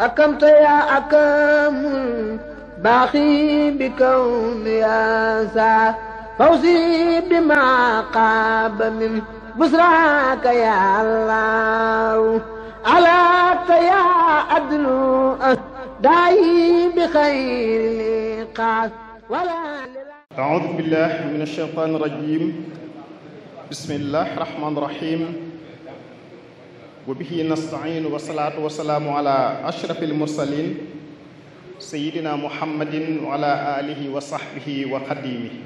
أكمت يا أكم باخي بكون يا سا فوزي بما قاب من بسراك يا الله علاك يا عدل داعي بخير قاس ولا أعوذ بالله من الشيطان الرجيم بسم الله الرحمن الرحيم wa bihi nasta'iinu wa salaamu ala ashrafil mursaliin sayyidina muhammadin wa ala aalihi wa sahbihi wa xadiimi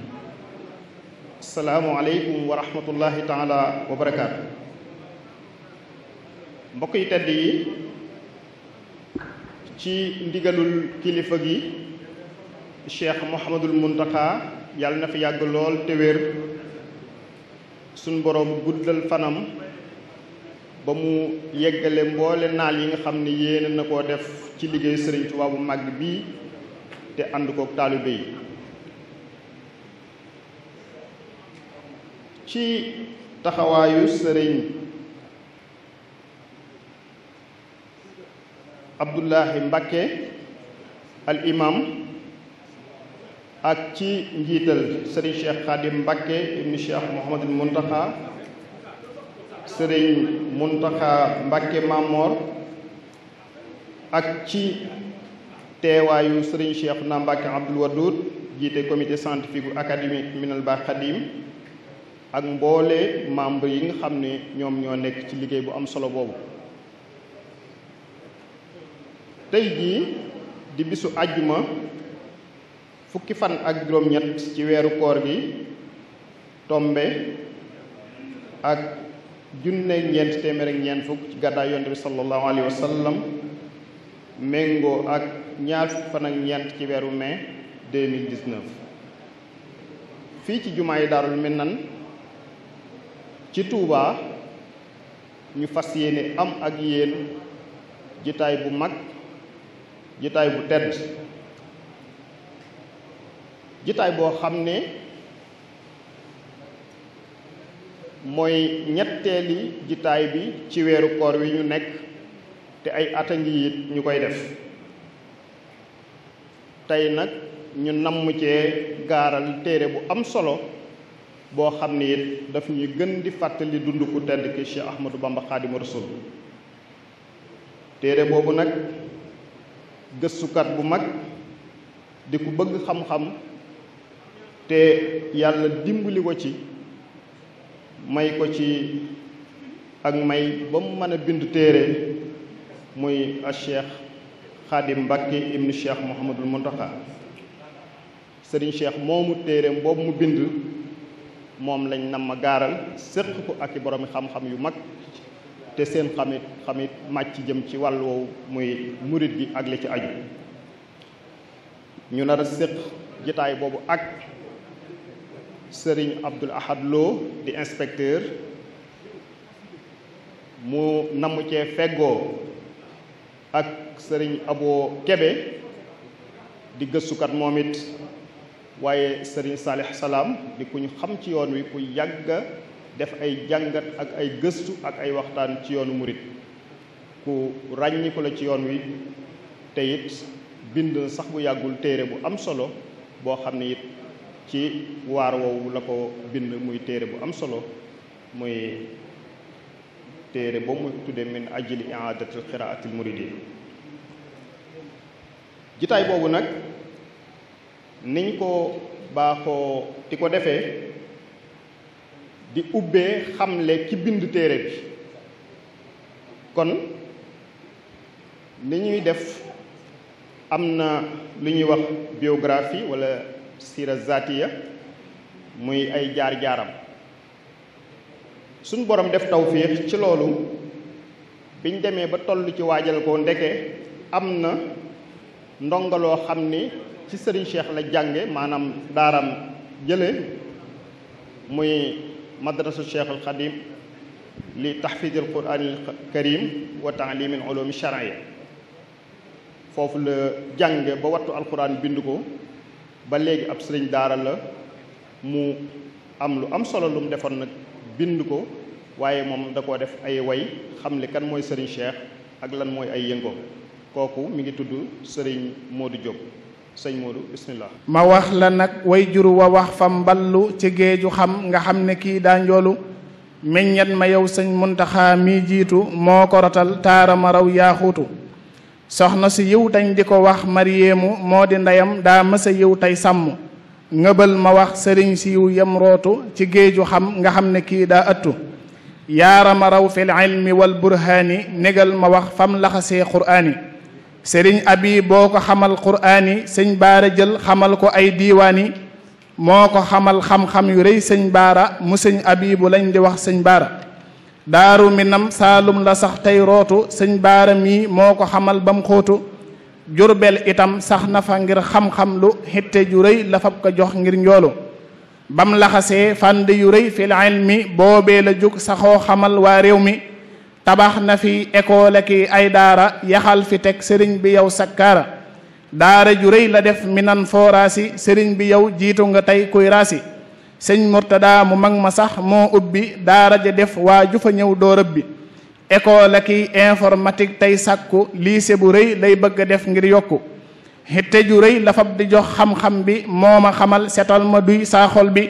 asalaamu aleykum wa rahmatullahi taala wa barakaatu mbokk yi tedd yi ci ndigalul kilifa gi cheikh Mouhamadul Muntaqa yàlla na fi yàgg lool te wér suñ boroom guddal fanam ba mu yeggale mboole naal yi nga xam ne yéene na koo def ci liggéey sëriñ Tuubaa bu mag bii te ànd kook taalibe yi ci taxawaayu sëriñ Abdullahi Mbakke al imam ak ci njiital sëriñ Cheikh Khadim Mbakke ibnu Cheikh Mouhamadul Muntaxa sëriñ Muntaxa Mbàkke Mamor ak ci teewaayu sëriñ Cheikh na Mbàkke Abdul Wadud jiite comité scientifique bu académique Minal Ba Xadim ak mboole membre yi nga xam ne ñoom ñoo nekk ci liggéey bu am solo boobu tey jii di bisu àjjuma fukki fan ak juróom-ñett ci weeru koor gi tombe ak junne ñeent téeméer ak ñeent fukk ci gàddaay yonte bi sallallahu alayhi wa sallam méngoo ak ñaar fan ñeent ci weeru mai fii ci jumaa yi daarul minan ci Touba ñu fas yéene am ak yéen jitaay bu mag jitaay bu tedd jitaay boo xam ne mooy ñetteeli jitaay bi ci weeru koor wi ñu nekk te ay at a ngi it ñu koy def tey nag ñu namm cee gaaral téere bu am solo boo xam ne it daf ñuy gën di fàttali dund ku tedd ki Cheikh Ahmadou Bamba Xaadimu Rasul téere boobu nag gëstukat bu mag di ku bëgg xam-xam te yàlla dimbali ko ci may ko ci ak may ba mu mën bind téere muy a cheikh xaadim mbàkke ibnu cheikh mouhamadul muntaxa sëriñ cheikh moomu téere boobu mu bind moom lañ nam gaaral séq ko ak i boroomi xam-xam yu mag te seen xamit xamit màcc jëm ci wàll woowu muy murit gi ak li ci aju ñu nar a séq jitaay boobu ak sëriñ Abdoul Ahad di inspecteur mu namm cee feggoo ak Serigne Abo Kebe di gëstukat moom it waaye Serigne Salih Salaam di ku ñu xam ci yoon wi ku yàgga def ay jàngat ak ay gëstu ak ay waxtaan ci yoonu murit ku ràññiku la ci yoon wi te it bind sax bu yàggul téere bu am solo boo xam ne it ci waar woowu la ko bind muy téere bu am solo muy téere ba mu tuddee min ajli i'adati qiraati al-muridin jitaay boobu nag niñ ko baaxoo di ko defee di ubbee xamle ci bind téere bi kon ni ñuy def am na li ñuy wax biographie wala sira zatiya muy ay jaar-jaaram suñ borom def tawfiix ci loolu biñ demee ba toll ci waajal ko ndeke am na ndongaloo xam ni ci sëriñ Cheikh la jànge maanaam daaram jële muy madrasu Cheikh al Xadim li tahfid al quran al karim wa taalim al ulum al yi foofu la jànge ba wattu alquran bind ko ba léegi ab sëriñ daara la mu am lu am solo lu mu defoon nag bind ko waaye moom da koo def ay woy xam li kan mooy sëriñ Cheikh ak lan mooy ay yëngoo kooku mi ngi tudd sëriñ moo Modou Diop sëñ Modou bismillah ma wax la nag way jur wa wax fa mballu ci géeju xam nga xam ne kii daa njoolu meññet ma yow sëñ Muntaxa mi jiitu moo ko rotal taara ma raw yaa soxna si yiw tañ di ko wax mariyeemu moo di ndeyam daa mës a yiw tey sàmm ngëbal ma wax sëriñ si yiw yam rootu ci géeju xam nga xam ne kii daa ëttu yaarama raw fil ilmi wal burhaani négal ma wax fam laxasee quraani sëriñ abi boo ko xamal quraani sëñ baara jël xamal ko ay diiwaani moo ko xamal xam-xam yu rëy sëñ baara mu sëñ abi lañ di wax sëñ baara daaru minam saalum la sax tey rootu sëñ baara mii moo ko xamal bam mu xóotu jurbel itam sax na fa ngir xam-xam lu xitte ju rëy la fab ko jox ngir njoolu bam laxasee fànd yu rëy fil ilmi boobee la jóg saxoo xamal waa réew mi tabax na fi école ki ay daara yaxal fi teg sëriñ bi yow sakkaara daara ju rëy la def minan fooraasi sëriñ bi yow jiitu nga tey kuy sëñ Murtada mu mag ma sax moo ubbi daara ja def waa ju ñëw doo rëbbi école ki informatique tey sàkku lycée bu rëy lay bëgg a def ngir yokku xitte ju rëy la di jox xam-xam bi moo ma xamal setal ma duy saaxol bi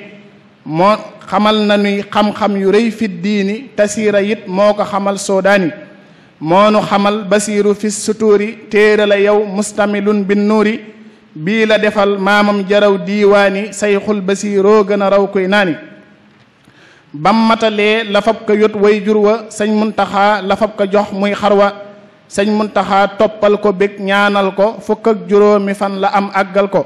moo xamal na nuy xam-xam yu rëy fit diini tasiira it moo ko xamal soodaani moo nu xamal basiiru fi sutuuri téere la yow mustamilun bin bii la defal maamam jaraw diiwaani sayxul basiiroo gën a raw koy naani bam matalee la ko yot way jur wa sëñ muntaxaa la fab ko jox muy xar wa sëñ muntaxaa toppal ko bég ñaanal ko fukk juróomi fan la am àggal ko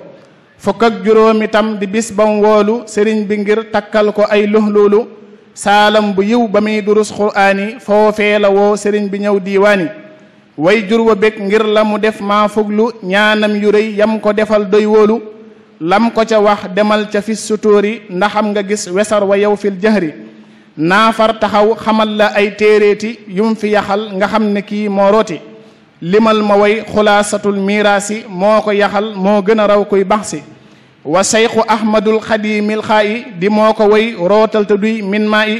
fukk ak juróomi tam di bis bam woolu sëriñ bi ngir takkal ko ay luxluulu saalam bu yiw ba muy durus quraani foofee la woo sëriñ bi ñëw diiwaani way jur wa bég ngir la mu def maa fuglu ñaanam yu rëy yam ko defal doy wóolu lam ko ca wax demal ca fis sutóori ndaxam nga gis wesar wa yow fil jahri naafar taxaw xamal la ay téeréeti yum fi yaxal nga xam ne kii moo rooti limal ma way xulaasatul miraasi moo ko yaxal moo gën a raw kuy bax si wa sayxu ahmadul xadimil xaa i di moo ko way rootal te min maa i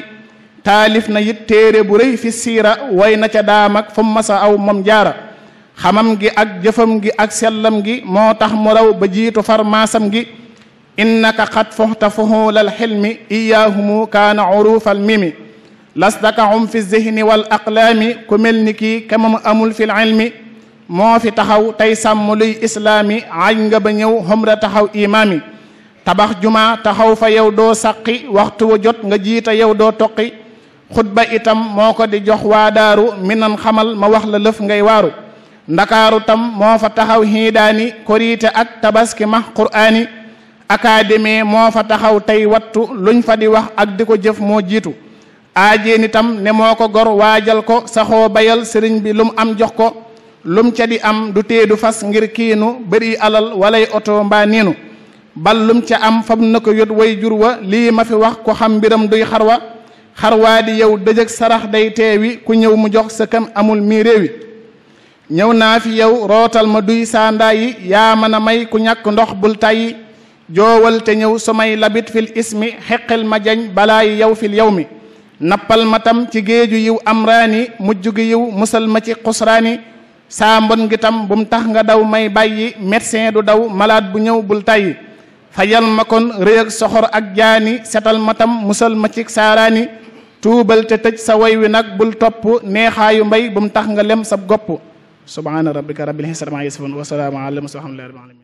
taalif na it téere bu rëy fi siira way na ca daam ak fa mu masa aw moom jaara xamam gi ak jëfam gi ak sellam gi moo tax mu raw ba jiitu farmaasam gi innaka xat foxta fuxuulal xilmi iyaahumu kaana uruufal mimi lasdaka um fi zihni wal aqlaami ku mel ni kii kemam amul fil ilmi moo fi taxaw tey sàmm islaami aj nga ba ñëw xumra taxaw imaami tabax juma taxaw fa yow doo saqi waxtu wa jot nga jiita yow doo toqi xutba itam moo ko di jox waa daaru minan xamal ma wax la lëf ngay waaru ndakaaru tam moo fa taxaw xiidaani korite ak tabaski ma quraani académie moo fa taxaw tey wattu luñ fa di wax ak di ko jëf moo jiitu aajeen itam ne moo ko gor waajal ko saxoo bayal sëriñ bi lu am jox ko lum ca di am du teedu fas ngir kiinu bëri alal walay oto mbaa niinu bal lum ca am fam na ko yot way jur wa lii ma fi wax ko xam mbiram duy xar wa xarwaa di yow dëjëg sarax day teewi ku ñëw mu jox sa kam amul mii réewi ñëw naa fi yow rootal ma duy saa ndaayi yaa mën a may ku ñàkk ndox bul tayyi joowal te ñëw su may labit fil ismi xeqal ma jañ balaa yi yow fil yow mi nappal ma tam ci géeju yiw amraani mujj gi yiw musal ma ci xusraani saa mbon gi tam bu tax nga daw may bàyyi médecin du daw malaat bu ñëw bul tayyi fajal ma kon rëy soxor ak jaani setal ma tam musal ma ci saaraani tuubal te tëj sa way wi nag bul topp neexaayu mbay bu mu tax nga lem sab gopp subhaana rabbika rabbil izzati ammaa a wa salaamun alal mursaliin walhamdulillaahi rabbil aalamiin